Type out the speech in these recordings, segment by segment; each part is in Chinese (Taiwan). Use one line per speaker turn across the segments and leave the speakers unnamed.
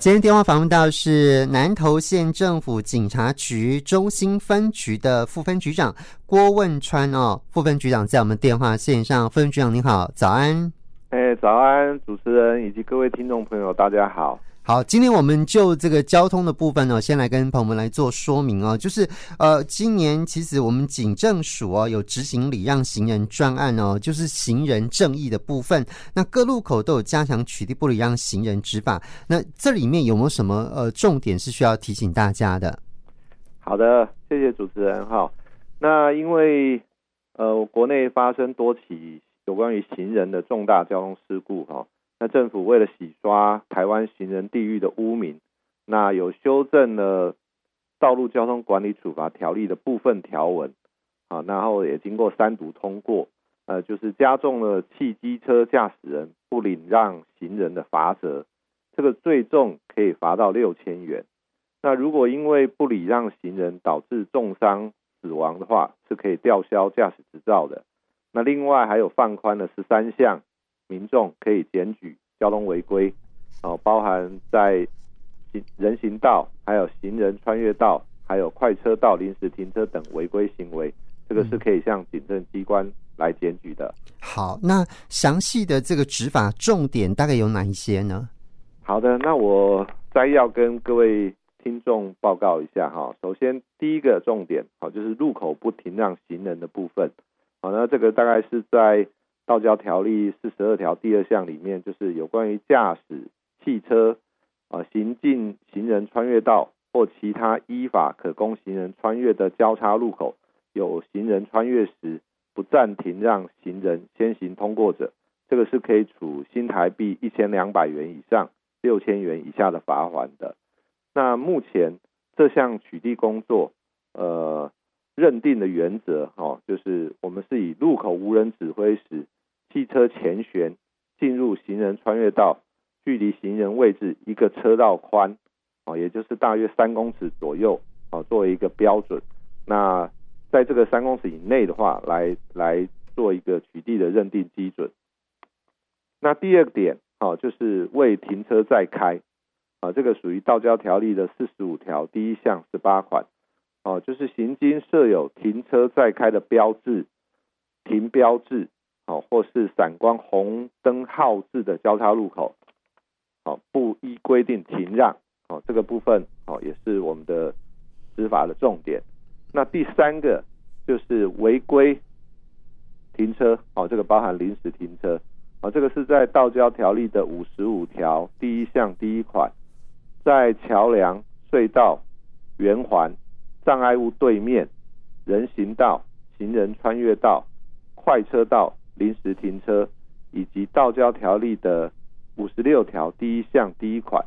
今天電話訪問到是南投縣政府警察局中興分局的副分局長郭汶川哦，副分局長在我們電話線上，副分局長您好，早安、
欸，哎，早安，主持人以及各位聽眾朋友，大家好。
好，今天我們就這個交通的部分呢，哦，先來跟朋友們來做說明哦。就是呃，今年其實我們警政署哦有執行禮讓行人專案哦，就是行人正義的部分，那各路口都有加強取締不禮讓行人執法。那這裡面有沒有什麼呃重點是需要提醒大家的？
好的，謝謝主持人。哈，那因為呃國內發生多起有關於行人的重大交通事故哈。哦那政府為了洗刷台灣行人地獄的污名，那有修正了道路交通管理處罰條例的部分條文，啊，然後也經過三讀通過，呃，就是加重了汽機車駕駛人不禮讓行人的罰則，這個最重可以罰到六千元，那如果因為不禮讓行人導致重傷死亡的話，是可以吊銷駕駛執照的。那另外還有放寬了十三項。民眾可以檢舉交通違規，哦，包含在行人行道、還有行人穿越道、還有快車道臨時停車等違規行為，這個是可以向警政機關來檢舉的。嗯。
好，那詳細的這個執法重點大概有哪一些呢？
好的，那我再要跟各位聽眾報告一下哈。首先第一個重點，就是路口不停讓行人的部分。好，那這個大概是在。《道交條例》四十二條第二項裡面，就是有關於駕駛汽車，啊、呃、行近行人穿越道或其他依法可供行人穿越的交叉路口，有行人穿越時，不暫停讓行人先行通過者，這個是可以處新台幣一千兩百元以上六千元以下的罰鍰的。那目前這項取締工作，呃，認定的原則、呃、就是我們是以路口無人指揮時。汽車前懸進入行人穿越道，距離行人位置一個車道寬，哦，也就是大約三公尺左右，哦，作為一個標準。那在這個三公尺以內的話，來來做一個取締的認定基準。那第二個點，哦，就是未停車再開，啊，這個屬於道交條例的四十五條第一項十八款，哦，就是行經設有停車再開的標誌，停標誌。哦，或是閃光紅燈號誌的交叉路口，哦，不依規定停讓，哦，這個部分哦，也是我們的執法的重點。那第三個就是違規停車，哦，這個包含臨時停車，哦，這個是在道交條例的五十五條第一項第一款，在橋梁、隧道、圓環、障礙物對面、人行道、行人穿越道、快車道。臨時停車以及道交條例的五十六條第一項第一款，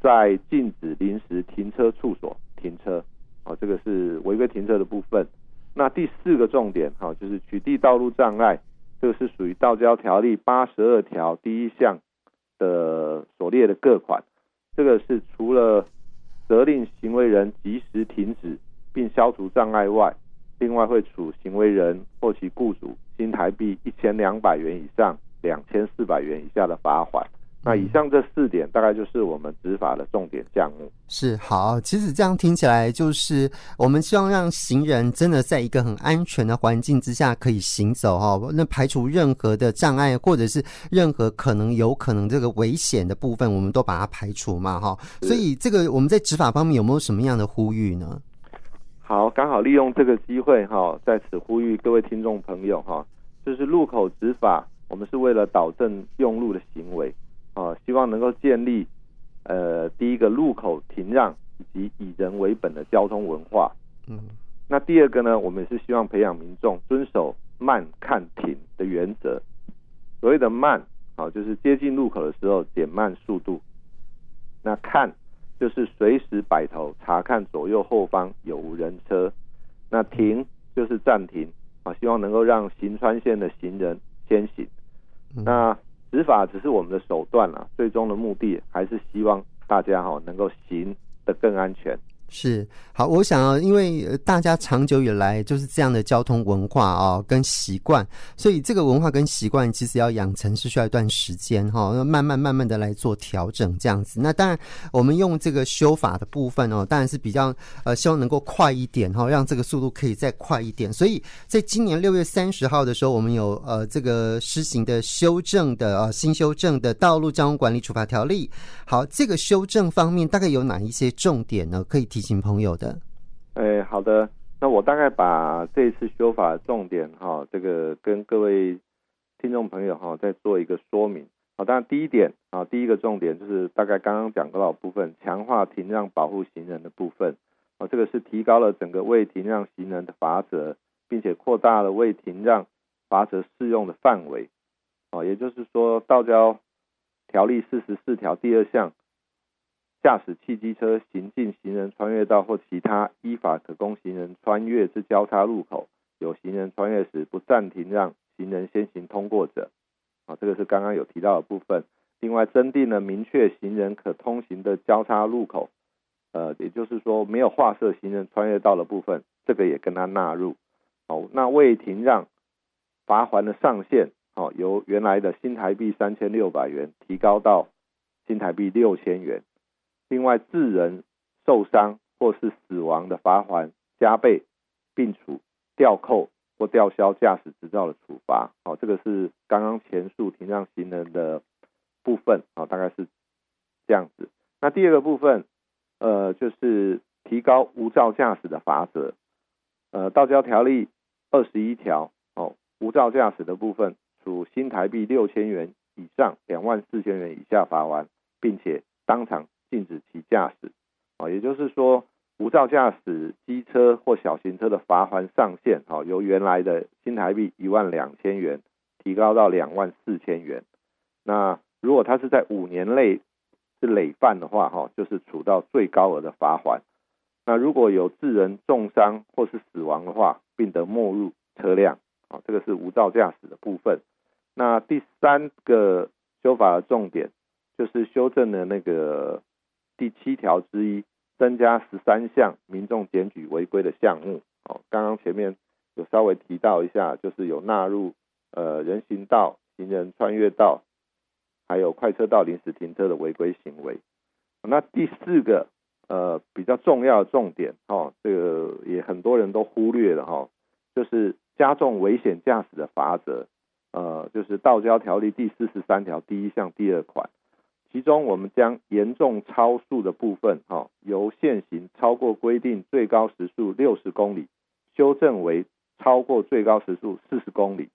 在禁止臨時停車處所停車，啊、哦，這個是違規停車的部分。那第四個重點哈、哦，就是取締道路障礙，這個是屬於道交條例八十二條第一項的所列的各款。這個是除了責令行為人即時停止並消除障礙外，另外會處行為人或其雇主新台幣一千兩百元以上兩千四百元以下的罰鍰。那以上這四點，大概就是我們執法的重點項目。
是好，其實這樣聽起來就是我們希望讓行人真的在一個很安全的環境之下可以行走哈。那排除任何的障礙或者是任何可能有可能這個危險的部分，我們都把它排除嘛哈。所以這個我們在執法方面有沒有什麼樣的呼籲呢？
好，剛好利用這個機會哈，在此呼籲各位聽眾朋友哈，就是路口執法，我們是為了導正用路的行為啊，希望能夠建立呃第一個路口停讓以及以人為本的交通文化。嗯，那第二個呢，我們是希望培養民眾遵守慢看停的原則。所謂的慢，好就是接近路口的時候減慢速度，那看。就是隨時擺頭查看左右後方有無人車，那停就是暫停啊，希望能夠讓行穿線的行人先行。那執法只是我們的手段了、啊，最終的目的還是希望大家哈能夠行得更安全。
是好，我想要，因為大家長久以來就是這樣的交通文化啊、哦，跟習慣，所以這個文化跟習慣其實要養成是需要一段時間哈、哦，要慢慢慢慢的來做調整這樣子。那當然，我們用這個修法的部分哦，當然是比較呃希望能夠快一點哈、哦，讓這個速度可以再快一點。所以在今年六月三十號的時候，我們有呃這個施行的修正的啊、呃、新修正的道路交通管理處罰條例。好，這個修正方面大概有哪一些重點呢？可以提。提醒朋友的。
哎，好的，那我大概把這一次修法的重點哈、哦，這個跟各位聽眾朋友哈、哦，再做一個說明啊、哦。當然，第一點啊、哦，第一個重點就是大概剛剛講到的部分，強化停讓保護行人的部分啊、哦，這個是提高了整個未停讓行人的罰則，並且擴大了未停讓罰則適用的範圍啊、哦，也就是說，道交條例四十四條第二項。駕駛汽機車行近行人穿越道或其他依法可供行人穿越之交叉路口，有行人穿越時，不暫停讓行人先行通過者，啊、哦，這個是剛剛有提到的部分。另外，增訂了明確行人可通行的交叉路口，呃，也就是說沒有劃設行人穿越道的部分，這個也跟他納入。好、哦，那未停讓罰鍰的上限，好、哦，由原來的新台幣三千六百元提高到新台幣六千元。另外，致人受傷或是死亡的罰鍰加倍，並處吊扣或吊銷駕駛執照的處罰。好、哦，這個是剛剛前述停讓行人的部分。好、哦，大概是這樣子。那第二個部分，呃，就是提高無照駕駛的罰則。呃，道交條例二十一條，哦，無照駕駛的部分，處新台幣六千元以上兩萬四千元以下罰鍰，並且當場。禁止其駕駛，啊，也就是說無照駕駛機車或小型車的罰鍰上限，啊，由原來的新台幣一萬兩千元提高到兩萬四千元。那如果他是在五年內是累犯的話，啊，就是處到最高額的罰鍰。那如果有致人重傷或是死亡的話，並得沒入車輛，啊，這個是無照駕駛的部分。那第三個修法的重點就是修正的那個。第七條之一增加十三項民眾檢舉違規的項目。哦，剛剛前面有稍微提到一下，就是有納入呃人行道、行人穿越道，還有快車道臨時停車的違規行為。哦，那第四個呃比較重要的重點，哦，這個也很多人都忽略了哈，哦，就是加重危險駕駛的罰則，呃，就是《道交條例》第四十三條第一項第二款。其中我們將嚴重超速的部分，哈、哦，由現行超過規定最高時速六十公里，修正為超過最高時速四十公里，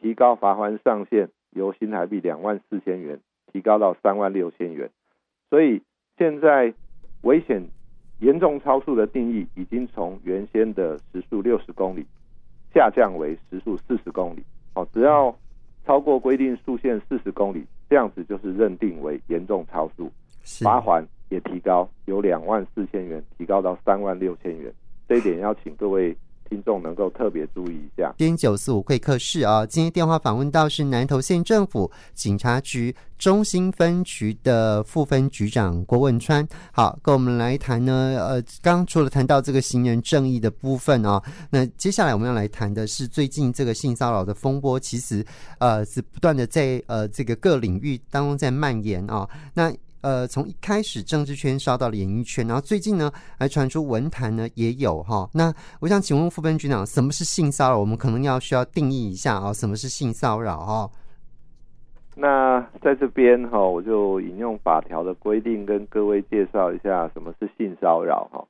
提高罰鍰上限由新台幣兩萬四千元提高到三萬六千元。所以現在危險嚴重超速的定義已經從原先的時速六十公里下降為時速四十公里，哦，只要超過規定速限四十公里。這樣子就是認定為嚴重超速，罰款也提高，由兩萬四千元提高到三萬六千元。這一點要請各位。聽眾能夠特別注意
一下，今九四五會客室啊，今天電話訪問到是南投縣政府警察局中興分局的副分局長郭汶川。好，跟我們來談呢，呃，剛除了談到這個行人正義的部分啊，那接下來我們要來談的是最近這個性騷擾的風波，其實呃是不斷的在呃這個各領域當中在蔓延啊，那。呃，從一開始政治圈燒到了演藝圈，然後最近呢還傳出文壇呢也有哈。那我想請問副分局長，什麼是性騷擾？我們可能要需要定義一下啊，什麼是性騷擾哈？
那在這邊哈，我就引用法條的規定跟各位介紹一下什麼是性騷擾哈。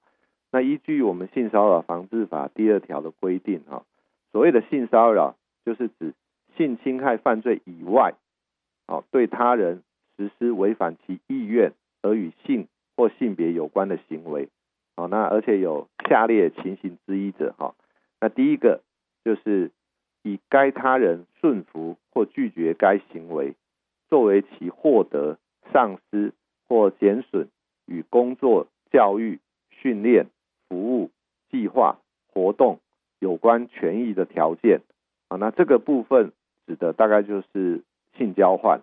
那依據我們《性騷擾防治法》第二條的規定哈，所謂的性騷擾就是指性侵害犯罪以外，哦對他人。實施違反其意願而與性或性別有關的行為，好，那而且有下列情形之一者，哈，那第一個就是以該他人順服或拒絕該行為作為其獲得、喪失或減損與工作、教育、訓練、服務、計劃、活動有關權益的條件，啊，那這個部分指的大概就是性交換。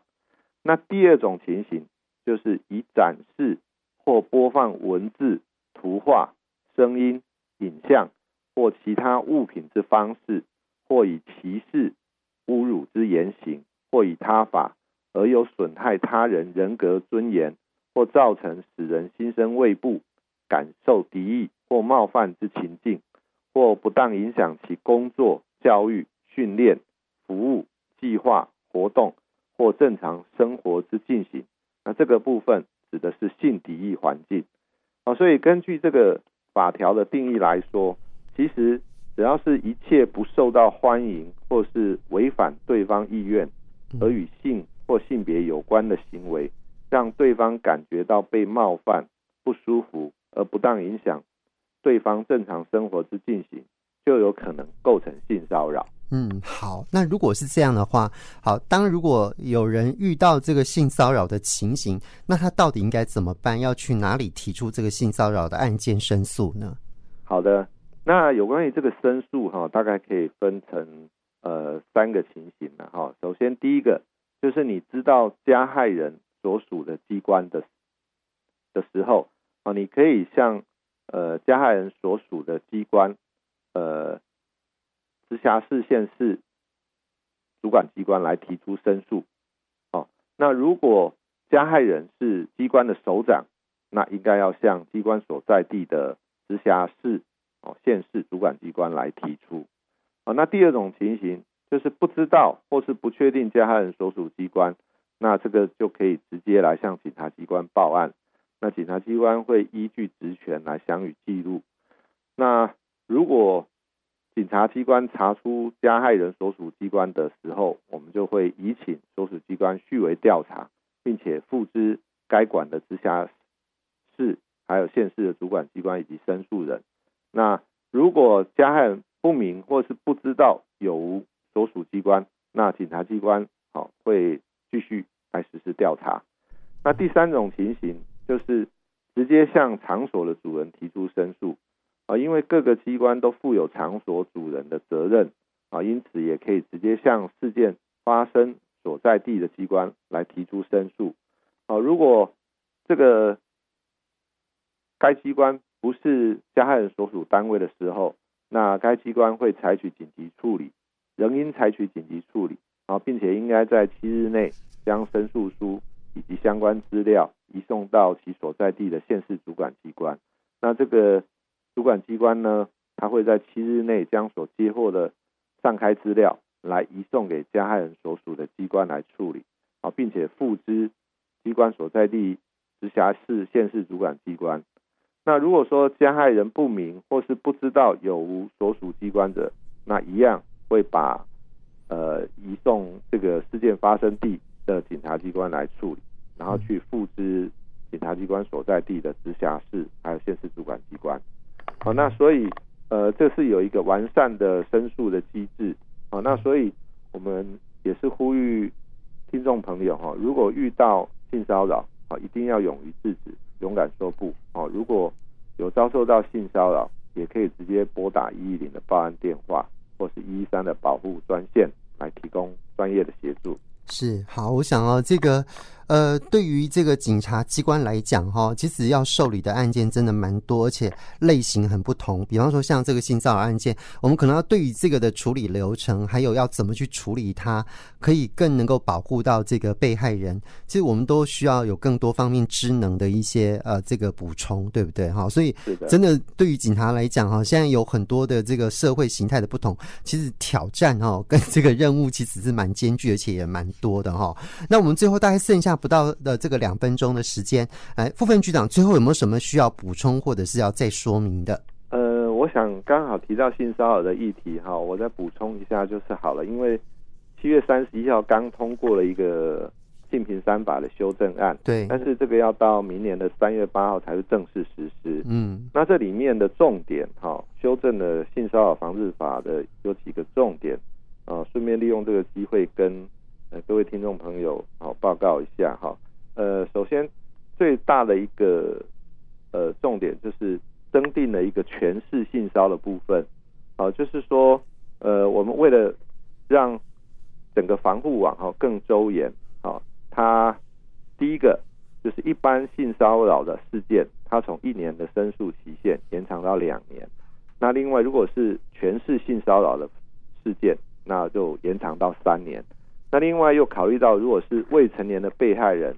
那第二種情形，就是以展示或播放文字、圖畫、聲音、影像或其他物品之方式，或以歧視、侮辱之言行，或以他法而有損害他人人格尊嚴，或造成使人心生畏怖、感受敵意或冒犯之情境，或不當影響其工作、教育、訓練、服務、計劃、活動。或正常生活之進行，那這個部分指的是性敵意環境。好，啊，所以根據這個法條的定義來說，其實只要是一切不受到歡迎或是違反對方意願而與性或性別有關的行為，讓對方感覺到被冒犯、不舒服而不當影響對方正常生活之進行，就有可能構成性騷擾。
嗯，好。那如果是這樣的話，好，當如果有人遇到這個性騷擾的情形，那他到底應該怎麼辦？要去哪裡提出這個性騷擾的案件申訴呢？
好的，那有關於這個申訴哈、哦，大概可以分成呃三個情形了哈、哦。首先，第一個就是你知道加害人所屬的機關的的時候，哦，你可以向呃加害人所屬的機關呃，直轄市、縣市主管機關來提出申訴。哦、那如果加害人是機關的首長，那應該要向機關所在地的直轄市、哦縣市主管機關來提出。哦、那第二種情形就是不知道或是不確定加害人所屬機關，那這個就可以直接來向警察機關報案。那警察機關會依據職權來詳予記錄。那如果警察機關查出加害人所屬機關的時候，我們就會移請所屬機關續為調查，並且副知該管的直轄市、還有縣市的主管機關以及申訴人。那如果加害人不明或是不知道有無所屬機關，那警察機關好、哦、會繼續來實施調查。那第三種情形就是直接向場所的主人提出申訴。啊，因為各個機關都負有場所主人的責任啊，因此也可以直接向事件發生所在地的機關來提出申訴。啊，如果這個該機關不是加害人所屬單位的時候，那該機關會採取緊急處理，仍應採取緊急處理啊，並且應該在七日內將申訴書以及相關資料移送到其所在地的縣市主管機關。那這個。主管機關呢，他會在七日內將所接獲的上開資料來移送給加害人所屬的機關來處理，並且副知機關所在地直轄市、縣市主管機關。那如果說加害人不明或是不知道有無所屬機關者，那一樣會把呃移送這個事件發生地的警察機關來處理，然後去副知警察機關所在地的直轄市還有縣市主管機關。好、哦、那所以，呃，這是有一個完善的申訴的機制。好、哦、那所以我們也是呼籲聽眾朋友哈、哦，如果遇到性騷擾啊，一定要勇於制止，勇敢說不。哦，如果有遭受到性騷擾，也可以直接撥打一一零的報案電話，或是一一三的保護專線，來提供專業的協助。
是，好，我想哦，這個。呃，對於這個警察機關來講，哈，其實要受理的案件真的蠻多，而且類型很不同。比方說，像這個性騷擾案件，我們可能要對於這個的處理流程，還有要怎麼去處理它，可以更能夠保護到這個被害人。其實我們都需要有更多方面智能的一些呃這個補充，對不對？哈，所以真的對於警察來講，哈，現在有很多的這個社會形態的不同，其實挑戰哈跟這個任務其實是蠻艱鉅，而且也蠻多的哈。那我們最後大概剩下。不到的這個兩分鐘的時間，哎，副分局長最後有沒有什麼需要補充或者是要再說明的？
呃，我想剛好提到性騷擾的議題哈，我再補充一下就是好了，因為七月三十一號剛通過了一個《性平三法》的修正案，對，但是這個要到明年的三月八號才是正式實施。嗯，那這裡面的重點哈，修正的《性騷擾防治法》的有幾個重點啊，順便利用這個機會跟。呃，各位聽眾朋友，好、哦，報告一下哈、哦。呃，首先最大的一個呃重點就是增訂了一個權勢性騷擾的部分，好、哦，就是說呃，我們為了讓整個防護網哈、哦、更周延，好、哦，它第一個就是一般性騷擾的事件，它從一年的申訴期限延長到兩年。那另外，如果是權勢性騷擾的事件，那就延長到三年。那另外又考慮到，如果是未成年的被害人，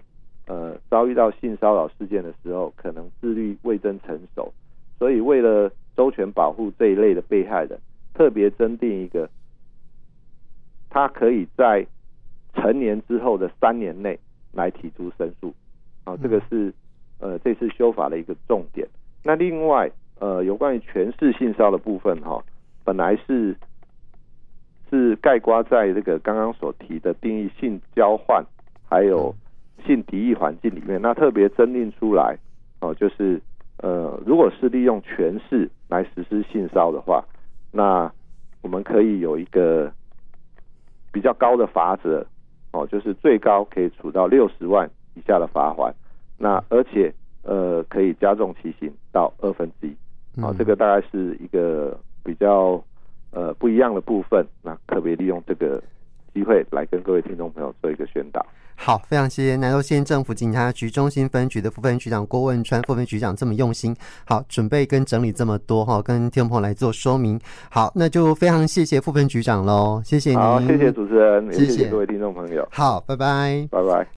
呃，遭遇到性騷擾事件的時候，可能自律未臻成熟，所以為了周全保護這一類的被害人，特別增訂一個，他可以在成年之後的三年內來提出申訴，啊，這個是呃這次修法的一個重點。那另外呃，有關於全市性騷擾的部分哈、啊，本來是。是概括在這個剛剛所提的定義性交換，還有性敵意環境裡面，那特別增訂出來哦，就是呃，如果是利用權勢來實施性騷擾的話，那我們可以有一個比較高的罰則哦，就是最高可以處到六十萬以下的罰鍰，那而且，呃，可以加重其刑到二分之一啊，這個大概是一個比較呃，不一樣的部分，那、啊、特別利用這個機會來跟各位聽眾朋友做一個
宣導。好，非常謝謝南投縣政府警察局中興分局的副分局長郭汶川副分局長這麼用心，好準備跟整理這麼多哈，跟聽眾朋友來做說明。好，那就非常謝謝副分局長嘍，謝謝你，好謝謝主持
人，謝謝各位聽眾朋友謝謝，
好，拜拜，
拜拜。